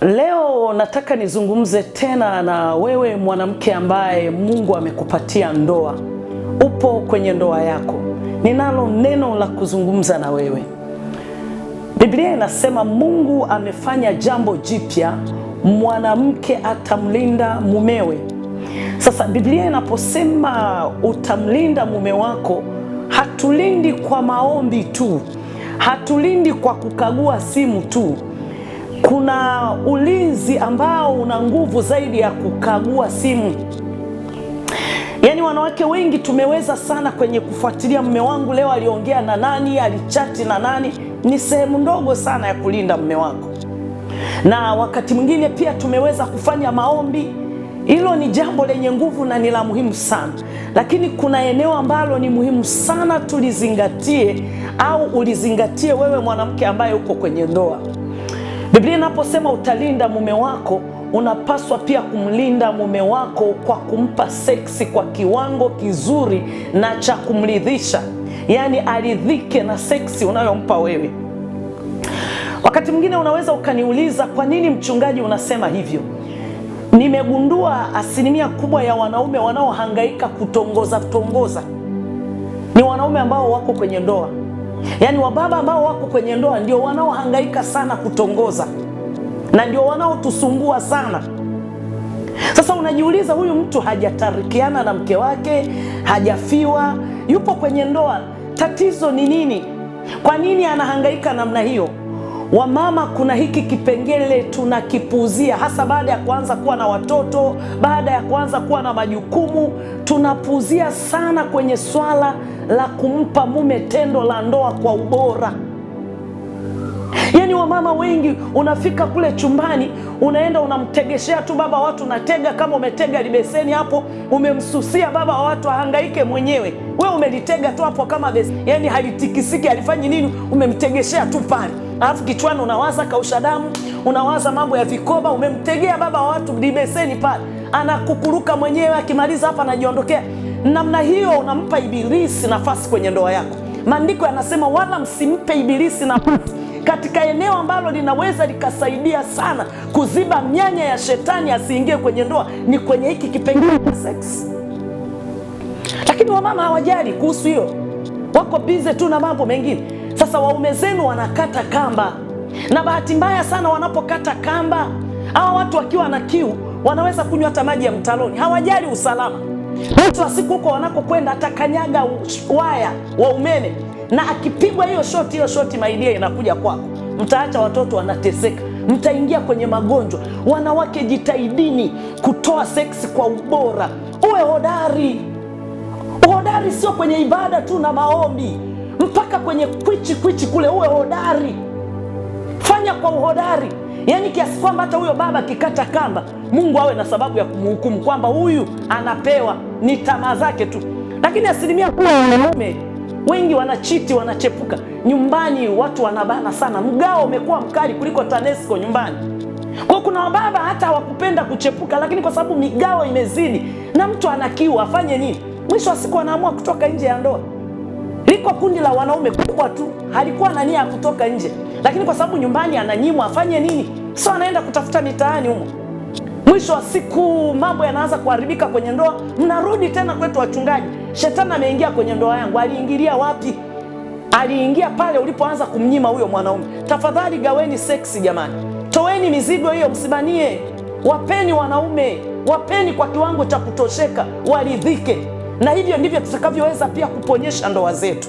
Leo nataka nizungumze tena na wewe mwanamke ambaye Mungu amekupatia ndoa. Upo kwenye ndoa yako. Ninalo neno la kuzungumza na wewe. Biblia inasema Mungu amefanya jambo jipya, mwanamke atamlinda mumewe. Sasa Biblia inaposema utamlinda mume wako, hatulindi kwa maombi tu, hatulindi kwa kukagua simu tu kuna ulinzi ambao una nguvu zaidi ya kukagua simu. Yaani wanawake wengi tumeweza sana kwenye kufuatilia mme wangu leo aliongea na nani, alichati na nani. Ni sehemu ndogo sana ya kulinda mme wako, na wakati mwingine pia tumeweza kufanya maombi. Hilo ni jambo lenye nguvu na ni la muhimu sana, lakini kuna eneo ambalo ni muhimu sana tulizingatie, au ulizingatie wewe mwanamke ambaye uko kwenye ndoa. Biblia inaposema utalinda mume wako, unapaswa pia kumlinda mume wako kwa kumpa seksi kwa kiwango kizuri na cha kumridhisha, yaani aridhike na seksi unayompa wewe. Wakati mwingine unaweza ukaniuliza, kwa nini mchungaji unasema hivyo? Nimegundua asilimia kubwa ya wanaume wanaohangaika kutongoza tongoza ni wanaume ambao wako kwenye ndoa Yaani wababa ambao wako kwenye ndoa ndio wanaohangaika sana kutongoza na ndio wanaotusumbua sana. Sasa unajiuliza, huyu mtu hajatarikiana na mke wake, hajafiwa, yupo kwenye ndoa, tatizo ni nini? Kwa nini anahangaika namna hiyo? Wamama, kuna hiki kipengele tunakipuuzia, hasa baada ya kuanza kuwa na watoto, baada ya kuanza kuwa na majukumu, tunapuuzia sana kwenye swala la kumpa mume tendo la ndoa kwa ubora. Yaani wamama wengi unafika kule chumbani, unaenda unamtegeshea tu baba watu, unatega kama umetega libeseni hapo, umemsusia baba wa watu ahangaike mwenyewe, we umelitega tu hapo kama besi, yaani halitikisiki halifanyi nini, umemtegeshea tu pale alafu kichwani unawaza kausha damu, unawaza mambo ya vikoba. Umemtegea baba wa watu dibeseni pale, anakukuruka mwenyewe, akimaliza hapa anajiondokea. Namna hiyo unampa Ibilisi nafasi kwenye ndoa yako. Maandiko yanasema wala msimpe Ibilisi nafasi katika eneo ambalo linaweza likasaidia sana kuziba mianya ya shetani asiingie kwenye ndoa, ni kwenye hiki kipengele cha sex. Lakini wamama hawajali kuhusu hiyo, wako bize tu na mambo mengine. Sasa waume zenu wanakata kamba, na bahati mbaya sana wanapokata kamba, hawa watu wakiwa na kiu wanaweza kunywa hata maji ya mtaloni, hawajali usalama. Mwisho wa siku huko wanakokwenda atakanyaga waya wa umeme, na akipigwa hiyo shoti, hiyo shoti maidia inakuja kwako. Mtaacha watoto wanateseka, mtaingia kwenye magonjwa. Wanawake, jitahidini kutoa seksi kwa ubora, uwe hodari. hodari sio kwenye ibada tu na maombi mpaka kwenye kwichi kwichi kule, uwe hodari, fanya kwa uhodari, yaani kiasi kwamba hata huyo baba akikata kamba, Mungu awe na sababu ya kumhukumu kwamba huyu anapewa ni tamaa zake tu. Lakini asilimia kubwa ya wanaume wengi wanachiti, wanachepuka nyumbani, watu wanabana sana, mgao umekuwa mkali kuliko TANESCO nyumbani. Kwa kuna wababa hata hawakupenda kuchepuka, lakini kwa sababu migao imezidi na mtu anakiwa afanye nini? Mwisho wa siku anaamua kutoka nje ya ndoa liko kundi la wanaume kubwa tu, halikuwa na nia ya kutoka nje, lakini kwa sababu nyumbani ananyimwa, afanye nini? So anaenda kutafuta mitaani humo. Mwisho wa siku mambo yanaanza kuharibika kwenye ndoa. Mnarudi tena kwetu wachungaji, shetani ameingia kwenye ndoa yangu. Aliingilia wapi? Aliingia pale ulipoanza kumnyima huyo mwanaume. Tafadhali gaweni seksi jamani, toweni mizigo hiyo, msimanie. Wapeni wanaume, wapeni kwa kiwango cha kutosheka, waridhike na hivyo ndivyo tutakavyoweza pia kuponyesha ndoa zetu.